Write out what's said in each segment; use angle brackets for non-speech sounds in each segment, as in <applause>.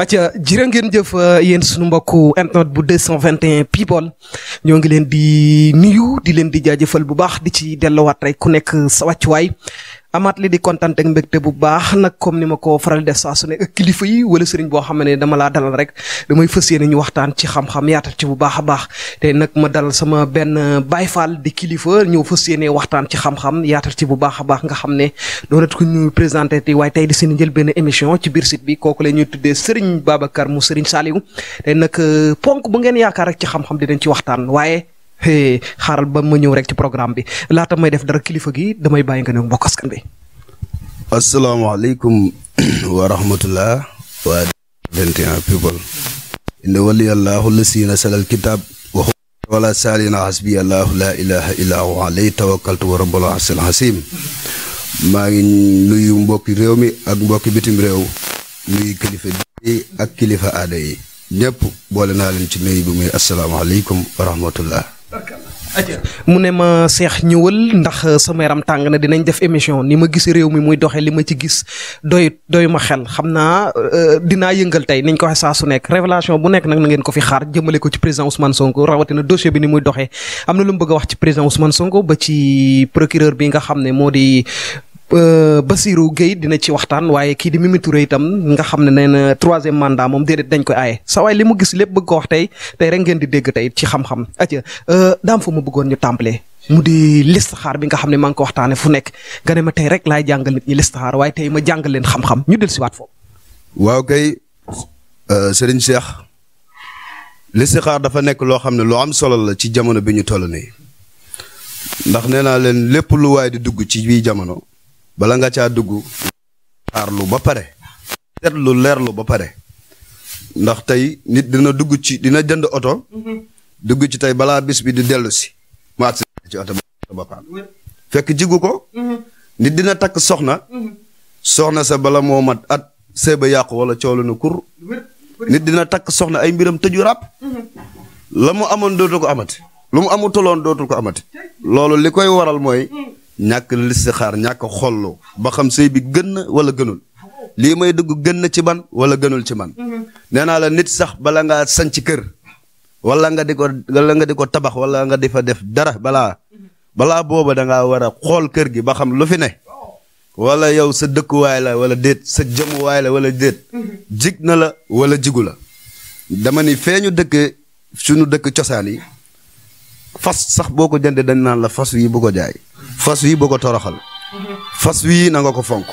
acca jërë ngeen jëf euh, yéen suñu mbokku internet bu 221 people ñoo ngi leen di nuyu di leen di jaajëfal bu baax di ci delluwaat rek ku nekk sa wàccuwaay amaat li di kontaan ak te bu baax nag comme ni ma ko faral def saa su ne ak yi wala sëriñ boo xam ne dama laa dalal rek damay fas yéene ñu waxtaan ci xam-xam yaatal ci bu baax a baax te nag ma dalal sama benn Baay Faal di kilifa ñëw fas yéene waxtaan ci xam-xam ci bu baax a baax nga xam ne doonat ko ñu présenté ti waaye tey di seen jël benn émission ci biir site bi kooku la ñuy tuddee sëriñ Babacar mu sëriñ Saliou te nag euh, ponk bu ngeen yaakaar rek ci xam-xam dinañ ci waxtaan waaye xaaral ba ma ñëw rek ci programme bi laata may def dara kilifa gi damay bàyyi nga ne mbokk askan bi. asalaamaaleykum <clears throat> wa rahmatullah wa 21 people inna waliyallahu lasi nasala alkitab waxu wala saalina hasbi allahu la ilaha illa huwa alayhi tawakkaltu wa rabbul arsil hasim maa ngi nuyu mbokki réew mi ak mbokki bitim réew nuyu kilifa bi ak kilifa aada yi ñëpp boole naa leen ci nuyu bi muy asalaamaaleykum wa rahmatullah mu ne ma seex ñëwal ndax euh, sama yaram tàng na dinañ def émission ni ma gis réew mi muy doxee li ma ci gis doy doy ma xel xam naa euh, dinaa yëngal tey niñ ko waxee saa su nekk révélation bu nekk nag na ngeen ko fi xaar jëmale ko ci président Ousmane Sonko rawatina dossier bi ni muy doxee am na lu mu bëgg wax ci président Ousmane Sonko ba ci procureur bi nga xam ne moo di Euh, Basirou Gueye dina ci waxtaan waaye kii di Mimi itam nga xam ne nee na troisième mandat moom déedéet dañ koy aaye sa waay li mu gis lépp bëgg ko wax tey tey rek ngeen di dégg tey ci xam-xam atia euh, daam fa ma bëggoon ñu tàmbalee mu di listixaar bi nga xam ne maa ngi ko waxtaanee fu nekk nga ne ma tey rek laay jàngal nit ñi listixaar waaye tey ma jàng leen xam-xam ñu del si waat foofu. waaw kay euh, Serigne Cheikh listixaar dafa nekk loo xam ne lu am solo la ci jamono bi ñu toll nii ndax nee naa leen lépp lu waay di dugg ci bii jamono. bala nga ca dugg xaarlu ba pare leer leerlu ba pare ndax tey nit dina dugg ci dina jënd oto dugg ci tey balaa bis bi di dellu si mu agsi ci oto ba paan fekk jigu ko nit dina takk soxna soxna sa bala moo mat at seeba yàqu wala coolu na kur nit dina takk soxna ay mbiram tëju ràpp la mu amoon dootu ko amati lu mu amu dootul ko amati loolu li koy waral mooy ñàkk listixaar ñàkk xollu ba xam sëy bi gën na wala gënul lii may dugg gën na ci ban wala gënul ci man mhm. nee la nit sax bala ngaa sanc kër wala nga di ko nga di ko tabax walla nga di fa def dara balaa balaa booba da ngaa war a xool kër gi ba xam lu fi ne wala yow sa dëkkuwaay la wala déet sa jëmuwaay la wala déet mhm. jig na la wala jigu la dama ni feeñu dëkk sunu dëkk cosaan yi fas sax boo ko jëndee dañ naan la fas yi bu ko jaay fas wi boo ko toroxal fas wii nanga ko fonk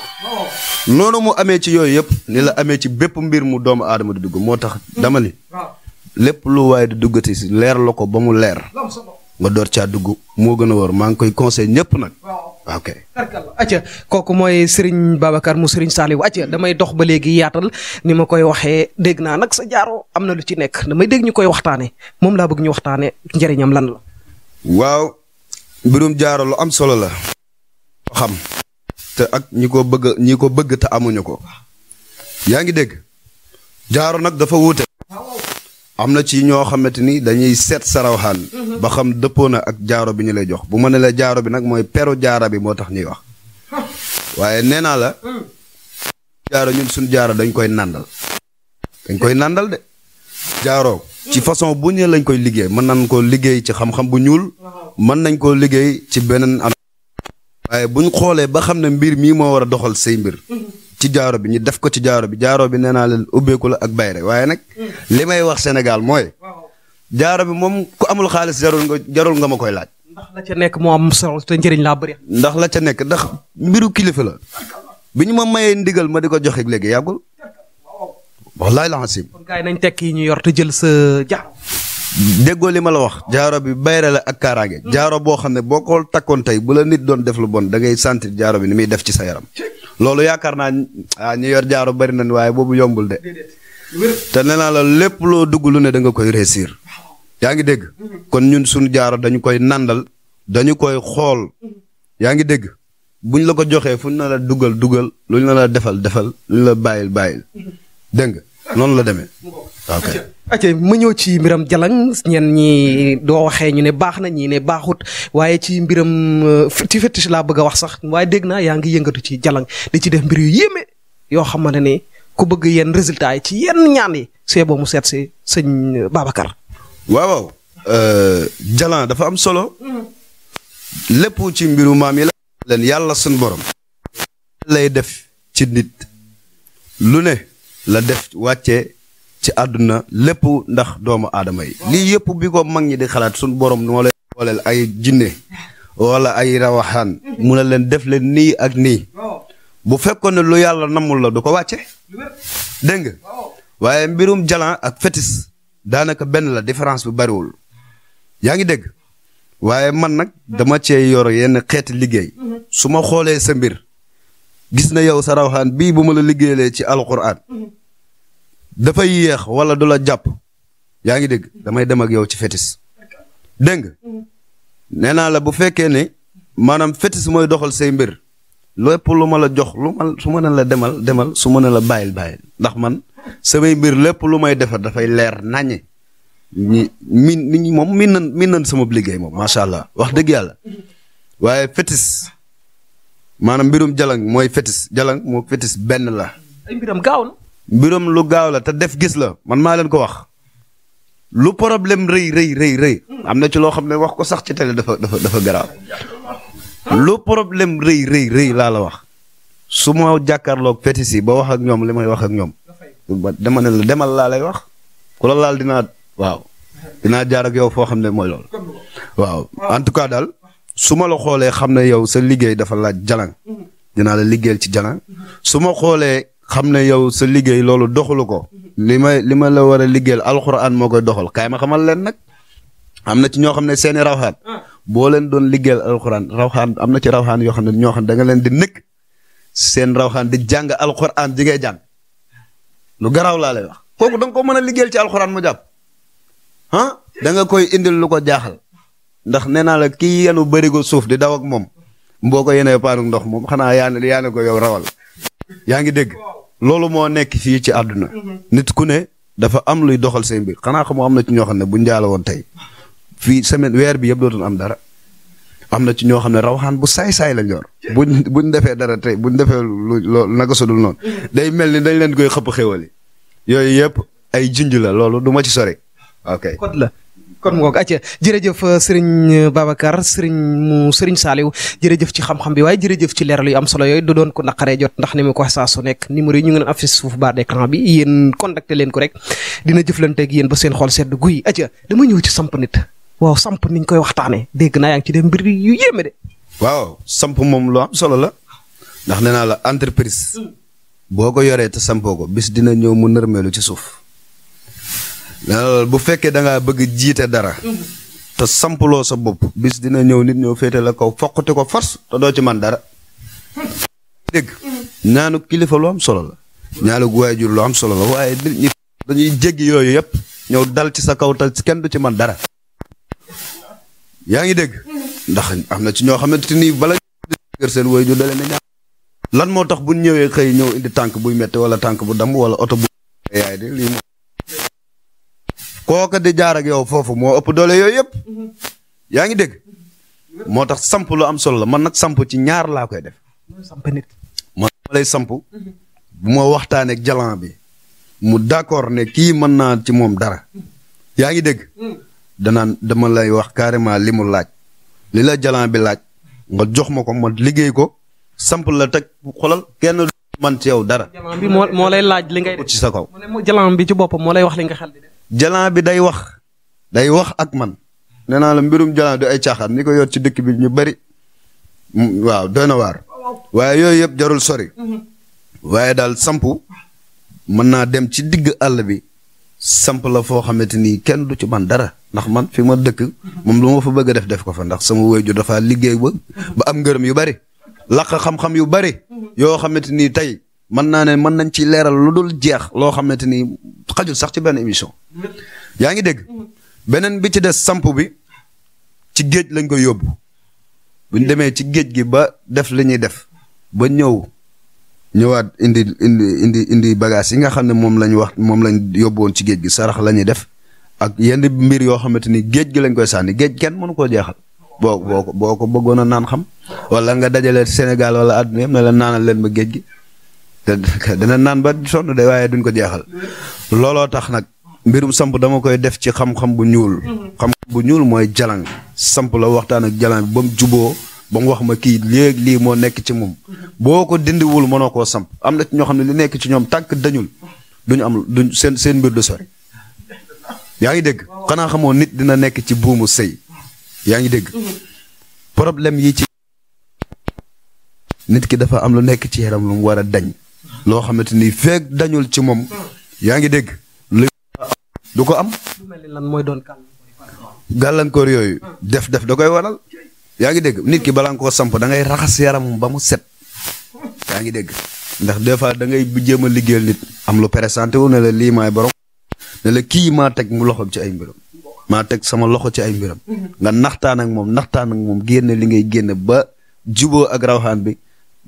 noonu mu amee ci yooyu yëpp ni la amee ci bépp mbir mu doomu aadama di dugg moo tax dama ni lépp lu waaye di duggati si leer la ko ba mu leer door caa dugg moo gën a wóor maa ngi koy conseil ñëpp nag ok kooku mooy Serigne Babacar mu Serigne Saliou damay dox ba léegi yaatal ni ma koy waxee dégg naa nag sa jaaro am na lu ci nekk damay dégg ñu koy waxtaane moom laa bëgg ñu waxtaane njëriñam lan la waaw mbirum jaaro lu am solo la xam te ak ñi ko bëgg ñi ko bëgg te amuñu ko yaa ngi dégg jaaro nag dafa wuute am na ci ñoo xamante ni dañuy seet sarawxaan mhm. ba xam dëppoo na ak jaaro bi ñu lay jox bu ma ne la jaaro bi nag mooy peru jaara bi moo tax ñuy wax waaye nee naa la mhm. jaaro ñun suñu jaaro dañ koy nàndal dañ koy nàndal de jaaroo ci mhm. façon bu ñu lañ koy liggéey mën nan ko liggéey ci xam-xam bu ñuul mën nañ koo liggéey ci beneen anam waaye buñ xoolee ba xam ne mbir mii moo war a doxal say mbir ci jaaro bi ñu def ko ci jaaro bi jaaro bi nee naa leen ubbeeku la ak bayre waaye nag li may wax Sénégal mooy jaaro bi moom ku amul xaalis jarul nga jarul nga ma koy laaj ndax la nekk moo am njëriñ laa bëri ndax la ca nekk ndax mbiru kilifa la bi ñu ma mayee ndigal ma di ko joxe léegi yàggul wallaay la xasim kon ñu yor te jël sa jaaro déggoo li ma la wax jaaro bi bayre la ak kaaraange jaaro boo xam ne boo ko takkoon tey bu la nit doon def lu bon dangay ngay sentir jaaro bi ni muy def ci sa yaram loolu yaakaar naa ah ñu yor jaaro bari nañ waaye boobu yombul de te nee naa la lépp loo dugg lu ne da nga koy réussir yaa ngi dégg kon ñun suñ jaaro dañu koy nandal dañu koy xool yaa ngi dégg buñ la ko joxee fu ñu na la dugal dugal lu ñu la defal defal lu ñu la bàyyil bàyyil dégg nga noonu la demee ace ma ñëw ci mbiram jalang ñenn ñi doo waxee ñu ne baax na ñii ne baaxut waaye ci mbiram euh, ci fétiche laa bëgg a wax sax waaye dégg naa yaa ngi yëngatu ci jalang di ci def mbir yu yéeme yoo xamante ne ku bëgg yenn résultat yi ci yenn ñaan yi see boo mu seet si sëñ Babacar. waaw euh, jalan dafa am solo. Mm-hmm. lépp ci mbiru maam yi la. leen yàlla suñ borom. lay def ci nit. lu ne la def wàccee. ci àdduna lépp ndax doomu aadama yi lii yëpp bi ko mag ñi di xalaat suñ borom moo leen booleel ay jinne wala ay mu ne leen def leen nii ak nii bu fekkoon ne lu yàlla namul la du ko wàcce dégg nga waaye mbirum jalan ak fétis daanaka benn la différence bi bariwul yaa ngi dégg waaye man nag dama cee yor yenn xeeti liggéey su ma xoolee sa mbir gis na yow sa bii bu ma la ci alquran dafay yéex wala du la jàpp yaa ngi dégg damay dem ak yow ci fetis dégg nga nee naa la bu fekkee ne maanaam fétis mooy doxal say mbir lépp lu ma la jox lu su ma ne la demal demal su ma ne la bàyyil bàyyil ndax man samay mbir lépp lu may defar dafay leer naññe min nit ñi moom min nan min nan sama liggéey moom macha allah wax dëgg yàlla waaye fétis maanaam mbirum jalang mooy fétis jalang moo fétis benn la. mbiram lu gaaw la te def gis la man maa leen ko wax lu problème rëy rëy rëy rëy am na ci loo xam ne wax ko sax ci télé dafa dafa dafa garaaw lu problème rëy rëy rëy laa la wax su ma jàkkaarloog fétis yi ba wax ñoom li may wax ak ñoom dama la demal laa lay wax ku la laal dinaa waaw jaar ak yow foo xam ne mooy loolu waaw en tout cas daal su ma la xoolee xam ne yow sa liggéey dafa laaj jalan dinaa la liggéeyal ci jalan su ma xoolee xam ne yow sa liggéey loolu doxalu ko li ma li ma la war a liggéeyal alxuraan moo koy doxal kaay ma xamal leen nag am na ci ñoo xam ne seeni rawxaan ah. boo leen doon liggéeyal alxuraan rawxaan am na ci rawaan yoo xam ne ñoo xam ne da nga leen di nëkk seen rawxaan di jàng alxuraan ji ngay jàng lu garaaw laa lay wax kooku ko mën a liggéeyal ci alxuraan mu danga koy indil lu ko jaaxal ndax nee naa la kii yenu bërigo suuf di daw ak moom mboo ko yenee paanu ndox moom xanaa yana ne ko yow rawal yaa ngi dégg loolu moo nekk fii ci àdduna. nit ku ne dafa am luy doxal seen mbir xanaa xamoo am na ci ñoo xam ne bu njaala woon tey fii semaine weer bi yëpp dootoon am dara. am na ci ñoo xam ne rawxaan bu saay-saay la ñor bu buñ defee dara tey buñ defee lu loolu naka sudul noonu day mel ni dañ leen koy xëpp xéwali yooyu yëpp ay jinj la loolu du ma ci sori ok. kon mu ngoog acca jërëjëf euh, sëriñ euh, Babacar sëriñ mu sëriñ Saliou jërëjëf ci xam-xam bi waaye jërëjëf ci leeral yu am solo yooyu du doon ko naqaree jot ndax ni mu ko wax saa su nekk numéro yi ñu ngi leen affiche suuf barre d'écran bi yéen contacté leen ko rek dina jëflanteeg yéen ba seen xool sedd guy acca dama ñëw ci samp nit waaw samp niñ koy waxtaanee dégg naa yaa ngi ci dem mbir yu yéeme de. waaw samp moom lu am solo la ndax nee naa la entreprise hmm. boo ko yoree te sampoo ko bis dina ñëw mu nërmeelu ci suuf bu fekkee dangaa bëgg jiite dara. te sampuloo sa bopp. bis dina ñëw nit ñëw féete la kaw foqati ko force te doo ci man dara. dégg ñaanu kilifa lu am solo la. ñaanu waajur lu am solo la waaye nit ñi dañuy jéggi yooyu yëpp ñëw dal ci sa kaw te kenn du ci man dara. yaa ngi dégg. ndax am na ci ñoo xam xamante ni bala kër seen waajur dalee na ñaan lan moo tax bu ñëwee xëy ñëw indi tànk buy metti wala tànk bu damm wala oto bu yaay de lii moom kooka di jaar ak yow foofu moo ëpp doole yooyu yëpp yaa ngi dégg moo tax samp lu am solo la man nag samp ci ñaar laa koy def. samp nit ma lay samp moo ma jalan bi mu d'accord ne kii mën naa ci moom dara yaa ngi dégg danaan dama lay wax carrément li mu laaj li la jalan bi laaj nga jox ma ko ma liggéey ko samp la teg xolal kenn man ci yow dara. jalan moo lay laaj li ngay def jalan bi ci boppam moo lay wax li nga xel di def jalan bi day wax day wax ak man nee naa la mbirum jalan du ay caaxaan ni ko yor ci dëkk bi ñu bëri waaw doy na waar waaye yooyu yëpp jarul sori waaye daal samp mën naa dem ci digg àll bi samp la foo xamante ni kenn du ci man dara ndax man fi ma dëkk moom lu ma fa bëgg a def def ko fa ndax sama wéyju dafa liggéey ba ba am ngërëm yu bari laq xam-xam yu bari yoo xamante ni tey mën naa ne mën nañ ci leeral lu dul jeex loo xamante ni xajul sax ci benn émission yaa ngi dégg. beneen bi ci des samp bi ci géej lañ koy yóbbu bu ñu demee ci géej gi ba def li ñuy def ba ñëw ñëwaat indi indi indi indi bagage yi nga xam ne moom lañ wax moom lañ yóbbuwoon ci géej gi sarax la ñuy def ak yenn mbir yoo xamante ni géej gi lañ koy sànni géej kenn mënu koo jeexal. boo boo ko boo ko bëggoon a naan xam wala nga dajale Sénégal wala àdduna yëpp ne la naanal leen ba géej gi te dana naan ba sonn de waaye duñ ko jeexal looloo tax nag. mbirum samp dama koy def ci xam-xam bu ñuul. Mhm. xam bu ñuul mooy jalang samp la waxtaan ak jalan ba mu juboo ba mu wax ma kii léegi lii moo nekk ci moom mhm. boo ko dindiwul mënoo koo samp am na ci ñoo xam ne li nekk ci ñoom tàkk dañul duñu am duñ seen seen mbir du sori. yaa ngi dégg xanaa xamoo nit dina nekk ci buumu sëy yaa ngi dégg mhm. problème yi ci nit ki dafa am lu nekk ci yaram lu mu war a dañ loo xamante ni feeg dañul ci moom yaa ngi dégg. du ko am. lan mooy doon gàllankoor yooyu. def def da koy waral. yaa ngi dégg nit ki balaa nga koo samp da ngay raxas yaram ba mu set. yaa ngi dégg ndax des fois da ngay jéem a liggéeyal nit am lu présenté wu ne la lii maay borom. ne la kii maa teg mu loxo ci ay mbiram. maa teg sama loxo ci ay mbiram. nga naxtaan ak moom naxtaan ak moom génne liggéey ngay ba juboo ak rawxaan bi.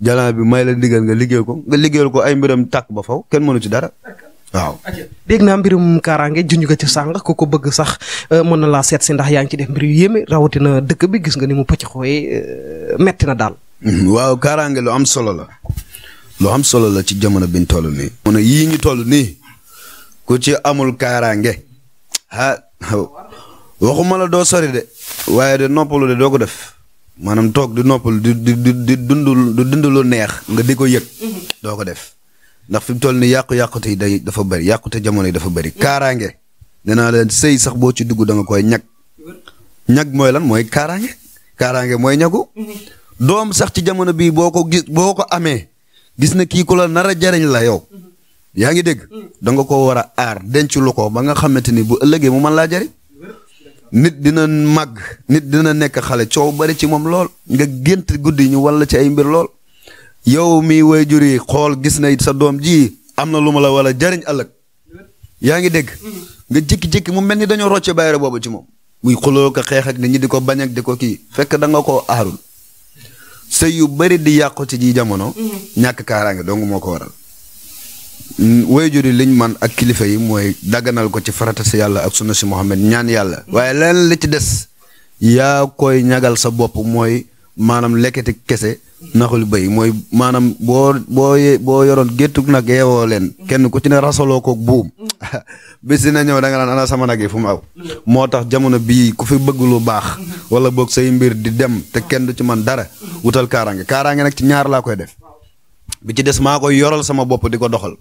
jalaan bi may la ndigal nga liggéeyal ko nga liggéeyal ko ay mbiram tàkk ba faw kenn mënu ci dara. waaw dégg naa mbirum kaaraange junj nga ci sànq ku ko bëgg sax euh, mën na laa seet si ndax yaa ngi ci def mbir yu yéeme rawatina dëkk bi gis nga ni mu pëcc xooyee euh, metti na daal. Mm-hmm. waaw kaaraange lu am solo la. lu am solo la ci jamono bi ñu toll nii. mu yii ñu toll nii ku ci amul kaaraange ah waxuma la doo sori de waaye de noppalu de doo ko def maanaam toog di noppalu di di di dund di dund lu neex nga di ko yëg mm-hmm. doo ko def. ndax fi mu toll nii yàqu-yàqute yi day dafa bëri yàqute jamono yi dafa bëri kaaraange nee naa leen sëy sax boo ci dugg danga koy ñag ñag mooy lan mooy kaaraange kaaraange mooy ñagu doom sax ci jamono bii boo ko gis boo ko amee gis na kii ku la nar a jariñ la yow yaa ngi dégg danga ko war a aar denc lu ko ba nga xamante ni bu ëllëgee mu man laa jariñ nit dina màgg nit dina nekk xale coow bari ci moom lool nga gént guddi ñu walla ci ay mbir lool yow mi waajur yi xool gis na sa doom ji am na lu ma la wala jariñ ëllëg yaa ngi dégg nga jékki-jékki mu mel ni dañoo rocce bayre boobu ci moom muy xuloo ko xeex ak nit ñi di ko bañ di ko kii fekk danga ko koo aarul sëy yu bari di yàqu ci ji jamono mm-hmm. ñàkk kaaraange dong moo ko waral waajur yi liñ man ak kilifa yi mooy dagganal ko ci farata si yàlla ak sunna si Muhammad ñaan yàlla mm-hmm. waaye leen li ci des yaa koy ñagal sa bopp mooy maanaam lekkati kese naxul bay mooy maanaam boo boo boo yoroon géttug nag yeewoo leen kenn ku ci ne rasaloo koog buum bis <laughs> dina ñëw da nga naan ana sama nag yi fu mu aw moo tax jamono bii ku fi bëgg lu baax wala boog say mbir di dem te kenn du ci man dara wutal kaaraange kaaraange nag ci ñaar laa koy def bi ci des maa koy yoral sama bopp di ko doxal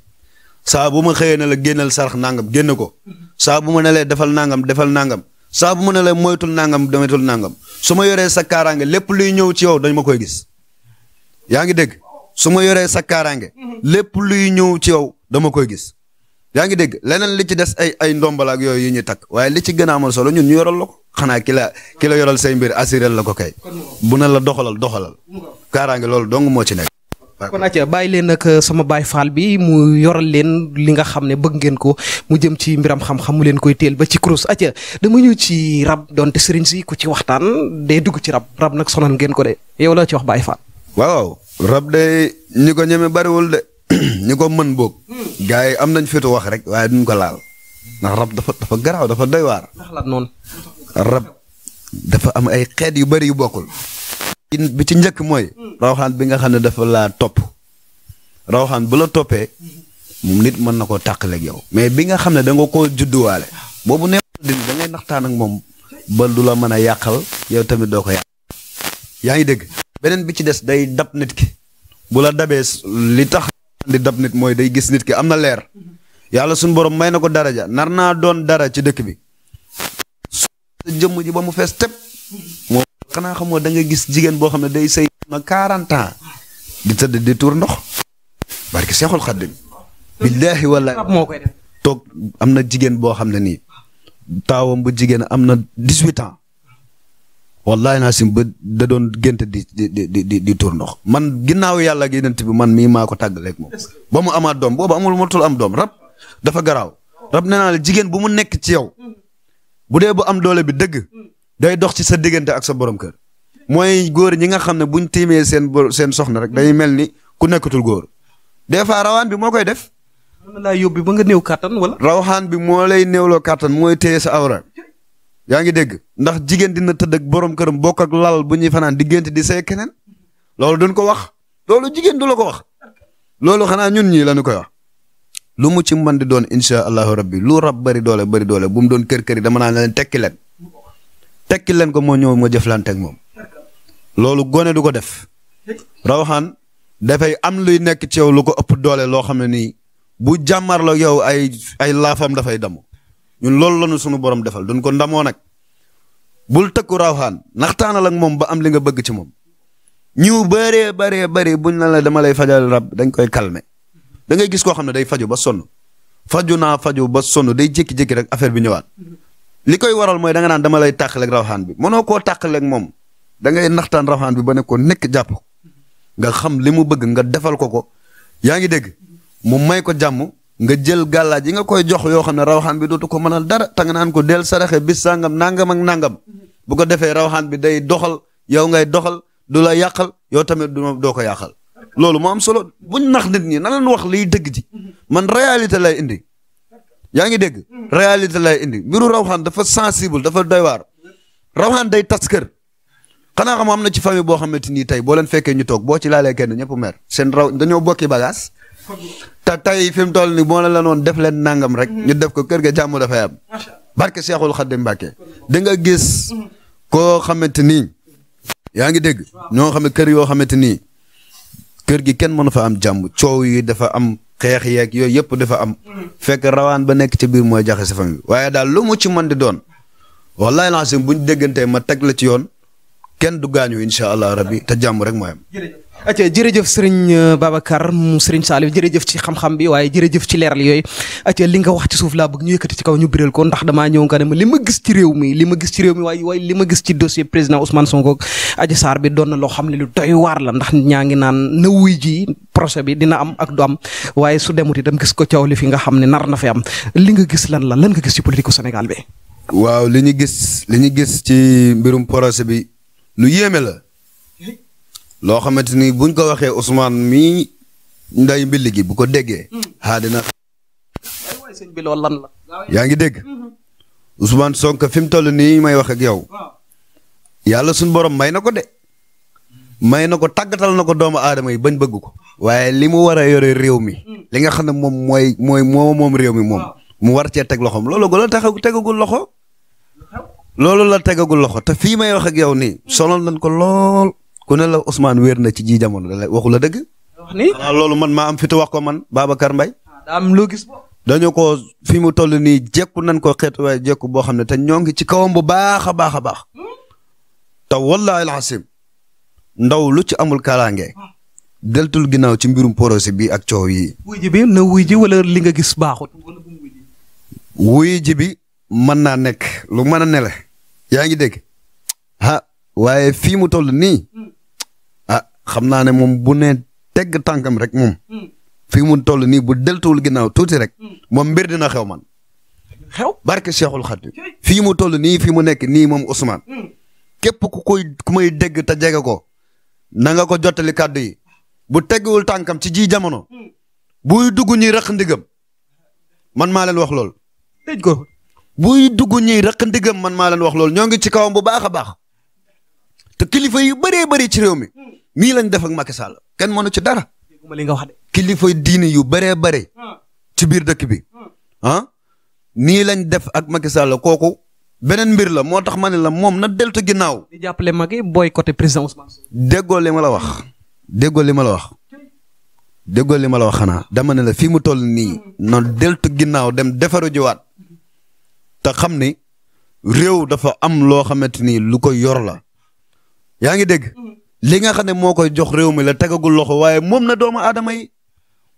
saa bu ma xëyee ne la génnal sarax nangam génn ko saa bu ma ne lee defal nangam defal nangam saa mun mu ne la moytul nangam moytul nangam su ma yoree sa kaaraange lépp luy ñëw ci yow dañ ma koy gis yaa ngi dégg su ma yoree sa kaaraange lépp luy ñëw ci yow dama koy gis yaa ngi dégg leneen li ci des ay ay ndombal ak yooyu yu ñuy takk waaye li ci gën a amal solo ñun ñu yoral la ko xanaa kila la ki la yoral say mbir assuré la ko kay bu na la doxalal doxalal kaaraange loolu dong moo ci nekk. kon acca bàyyi leen ak euh, sama baay faal bi mu yoral leen li nga xam ne bëgg ngeen ko mu jëm ci mbiram xam-xam mu leen koy teel ba ci kurus acca dama ñëw ci rab donte sëriñ si ku ci waxtaan day dugg ci rab rab nag sonal ngeen ko de yow laa ci wax baay faal. waaw rab de ko ñeme bariwul de <clears throat> ñi ko mën boog. Hmm. gars yi am nañ fitu wax rek waaye duñ ko laal ndax rab dafa dafa garaaw dafa doy waar. ndax lan noonu. rab dafa am ay xeet yu bari yu bokkul. bi ci njëkk mooy. rawxaan bi nga xam ne dafa laa topp. rawxaan bu la toppee. nit mën na koo tàqaleeg yow. mais bi nga xam ne danga nga koo judduwaale. boobu nee da ngay naxtaan ak moom. ba du la mën a yàqal yow tamit doo ko yàq. yaa ngi dégg. beneen bi ci des day dab nit ki. bu la dabee li tax di dab nit mooy day gis nit ki am na leer. yàlla suñu borom may na ko dara nar naa doon dara ci dëkk bi. sa jëmm ji ba mu fees tëb. moo xanaa xamoo da nga gis jigéen boo xam ne day sëy ma 40 di tëdd di tuur ndox barki Seexul Xaddim billaahi wallaahi toog am na jigéen boo xam ne nii taawam bu jigéen am na 18 ans wallaahi naa sim ba da doon gént di di di di di tuur ndox man ginnaaw yàlla ak yeneen bi man mii maa ko tàggaleeg moom ba mu amaat doom boobu amul matul am doom rab dafa garaaw rab nee naa la jigéen bu mu nekk ci yow mm. bu dee bu am doole bi dëgg mm. day dox ci sa diggante ak sa borom kër mooy góor ñi nga xam ne buñ tiimee seen seen soxna rek dañuy mel ni ku nekkatul góor des fois rawaan bi moo koy def. mën na ba nga néew kàttan wala. rawaan bi moo lay néewloo kàttan mooy téye sa awra yaa ngi dégg ndax jigéen dina tëdd ak borom këram bokk ak lal bu ñuy fanaan di gént di say keneen loolu duñ ko wax loolu jigéen du la ko wax loolu xanaa ñun ñii la ñu koy wax lu mu ci mën di doon incha allahu rabbi lu rab bari doole bari doole bu mu doon kër kër yi dama naa leen tekki leen tekki leen ko moo ñëw ma jëflante moom loolu gone du ko def rawaxaan dafay am luy nekk ci yow lu ko ëpp doole loo xam ne nii bu jàmmarloo yow ay ay laafam dafay damu ñun loolu lanu suñu borom defal duñ ko ndamoo nag bul tëkku rawaxaan naxtaanal ak moom ba am li nga bëgg ci moom ñu bëree bëree bëri buñ na la dama lay fajal rab dañ koy calmer da ngay gis koo xam ne day faju ba sonn faju naa faju ba sonn day jékki-jékki rek affaire bi ñëwaat li koy waral mooy danga naan dama lay tàqaleeg rawxaan bi mënoo koo tàqaleeg moom dangay ngay naxtaan rawxaan bi ba ne ko nekk jàpp nga xam li mu bëgg nga defal ko ko yaa ngi dégg mu may ko jàmm nga jël gàllaaj yi nga koy jox yoo xam ne rawxaan bi dootu ko mënal dara te naan ko del saraxe bis sàngam nangam ak nangam bu ko defee rawxaan bi day doxal yow ngay doxal du la yàqal yow tamit du doo ko yàqal loolu moo am solo buñ nax nit ñi na leen wax liy dëgg ji man réalité lay indi yaa ngi dégg mm. réalité lay indi mbiru rawxaan dafa sensible dafa doy waar rawxaan day tas kër xanaa kam am na ci famille boo xamante ni tey boo leen fekkee ñu toog boo ci laalee kenn ñëpp mer seen raw dañoo bokki bagage te tey fi mu toll ni moo la la def leen nangam rek mm-hmm. ñu def ko kër ga jàmm dafay am barke Seexul Xaadim Mbàkke mm-hmm. da nga gis mm-hmm. koo xamante ni yaa ngi dégg ñoo xam ne kër yoo xamante ni kër gi kenn mënu fa am jàmm coow yi dafa am xeex yeeg yooyu yëpp dafa am fekk rawaan ba nekk ci biir mooy jaxase famille waaye daal lu mu ci mën di doon la laa bu déggante ma teg la ci yoon kenn du gaañu incha allah rabbi te jàmm rek mooy acca jërëjëf sëriñ euh, Babacar mu sëriñ Saliou jërëjëf ci xam-xam bi waaye jërëjëf ci leeral yooyu acca li nga wax ci suuf laa bëgg ko ndax damaa ñëw nga ne ma li gis ci réew président Ousmane Sonko ak Adji bi doon na loo xam ne lu doy waar la ndax ñaa ngi naan na wuy ji procès bi dina am ak du am waaye su demut dam gis ko coow fi nga xam ne nar na fi am li nga gis lan la lan nga gis ci politique Sénégal bi. waaw li ñu gis li ñu bi lu yéeme la loo xamante ni buñ ko waxee Ousmane mii nday mbilli gi bu ko déggee xaa hmm. dina sëñ lan la yaa ngi dégg hmm. Ousmane Sonko fi mu toll nii may wax yow yàlla suñ borom may na ko de may na ko tàggatal na ko doomu aadama yi bañ bëgg ko waaye li mu war a yore réew mi hmm. li nga xam ne moom mooy mooy moo moom réew mi moom mu war cee teg loxoom loolu gën a tax tegagul loxo loolu la tegagul loxo te fii may wax yow ni sonal nañ ko lool ku ne la Ousmane wér na ci ji jamono da lay waxu la dëgg. loolu man maa am fi wax ko man Babacar Mbaye. Ah, daa loo gis. dañu ko fi mu toll nii jekku nañ ko xeet waaye jekku boo xam ne te ñoo ngi ci kawam bu baax a baax a baax. te wallaahi alxasim ndaw lu ci amul kaaraange. deltul ginnaaw ci mbirum projet bi ak coow yi. wuy bi na wuy ji wala li nga gis baaxut. wuy bi mën naa nekk lu mën a ne la yaa ngi dégg ah waaye fii mu toll nii hmm. ah xam naa ne moom bu nee tegg tànkam rek moom hmm. fii mu toll nii bu deltuwul ginnaaw tuuti rek hmm. moom mbir dina xew man xew barke Cheikhul Khadim fii mu toll nii fii mu nekk nii moom Ousmane képp ku koy ku may dégg te jege ko na nga ko jottali kàddu yi bu teggiwul tànkam ci ji jamono bu dugg ñuy rëq ndigam man maa leen wax lool. tëj ko buy dugg ñiy raq ndigam man maa leen wax loolu ñoo ngi ci kawam bu baax a baax te kilifa yu bëree bëri ci réew mi mii lañ def ak Macky Sall kenn mënu ci dara kilifa diini yu bëree bëri ah. ci biir dëkk bi ah nii lañ def ak Macky Sall kooku beneen mbir la moo tax ma ne la moom na deltu ginnaaw. di jàppale Macky boycotté président Ousmane Sonko. déggoo li ma la wax déggoo li ma la wax déggoo li ma la wax xanaa dama ne la fii mu toll nii na deltu ginnaaw dem defaru jiwaat. te xam ni réew dafa am loo xamante ni lu ko yor la yaa ngi dégg mm-hmm. li nga xam ne moo koy jox réew mi la tegagul loxo waaye moom na doomu aadama yi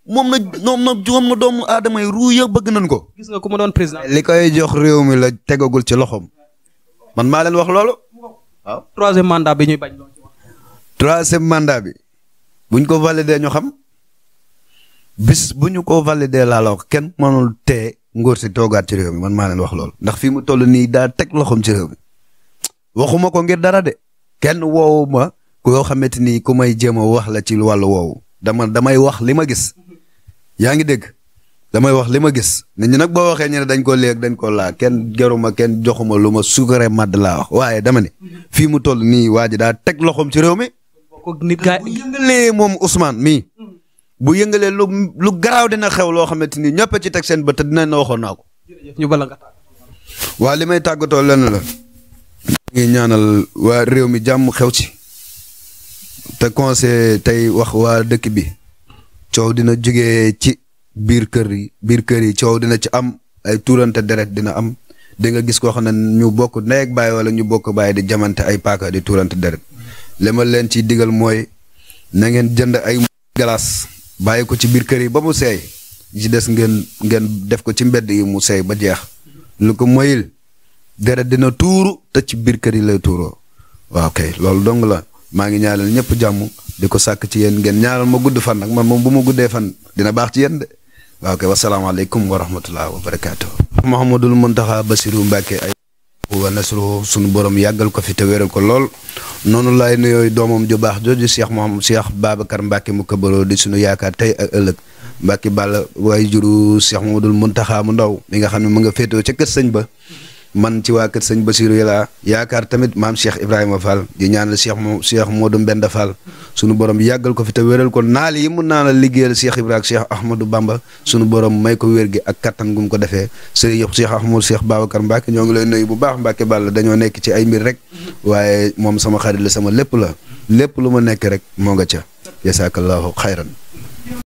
moom na moom na moom na doomu aadama yi ruu yëpp bëgg nañ ko. gis nga ku ma doon président. li koy jox réew mi la tegagul ci loxoom man maa leen wax loolu waaw. troisième bi ñuy bañ. troisième mandat bi buñ ko valider ñu xam bis bu ñu ko valider laa la kenn mënul tee ngóor si toogaat ci réew mi man maa leen wax loolu ndax fii mu toll nii daa teg loxoom ci réew mi waxuma ko ngir dara de kenn woowu ma koo xamante ni ku may jéem a wax la ci wàllu woowu dama damay wax li ma gis yaa ngi dégg damay wax li ma gis nit ñi nag boo waxee ñu ne dañ ko léeg dañ ko laa kenn geruma kenn joxuma lu ma suukaree màdd laa wax waaye dama ne fii mu toll nii waa daa teg loxoom ci réew mi. nit kaa moom Ousmane mii. Hmm. bu yëngalee lu lu garaaw dina xew loo xamante ni ñëpp ci teg seen bët dinañ waxoon naa ko. ñu bala waa li may tàggatoo lenn la. ngi ñaanal waa réew mi jàmm xew ci. te conseil tey wax waa dëkk bi. coow dina jógee ci biir kër yi biir kër yi coow dina ci am ay tuurante deret dina am. dinga gis koo xam ne ñu bokk ndey ak baay wala ñu bokk baay di jamante ay paaka di tuurante deret li ma leen ci digal mooy na ngeen jënd ay glace bàyyi ko ci biir kër yi ba mu seey yi ci des ngeen ngeen def ko ci mbedd yi mu seey ba jeex lu ko moyil deret dina tuuru te ci biir kër yi lay tuuroo waaw kay loolu dong la maa ngi ñaanal ñëpp jàmm di ko sàkk ci yéen ngeen ñaanal ma gudd fan nag man moom bu ma guddee fan dina baax ci yéen de waaw kay wasalaamaaleykum wa rahmatullah wa barakaatu. Mouhamadul Mountakha Bassirou Mbacké ay wa nasruhu sunu boroom yàggal ko fi te wéral ko lool noonu laay nuyooyu doomam ju baax jooju Cheikh Mouhamed Cheikh Babacar Mbacke mu këbëroo di sunu yaakaar tey a ëllëg Mbacke bala waaye juru Cheikh Mamadou Mountakha mu ndaw mi nga xam ne mu nga féetewoo ca kër ba man ci waa kër sëñ Basiru yi laa yaakaar tamit maam Cheikh Ibrahima Fall di ñaanal moo moom moo Modou Mbenda Fall sunu borom yàggal ko fi te wéral ko naal yi mun naa la liggéeyal Cheikh Ibrahima Cheikh Ahmadou Bamba sunu borom may ko wér gi ak kattan gum ko defee sëriñ Cheikh Ahmadou Cheikh Babacar Mbacke ñoo ngi lay nuyu bu baax Mbacke Ball dañoo nekk ci ay mbir rek waaye moom sama xarit la sama lépp la lépp lu ma nekk rek moo nga ca jasakallahu xayran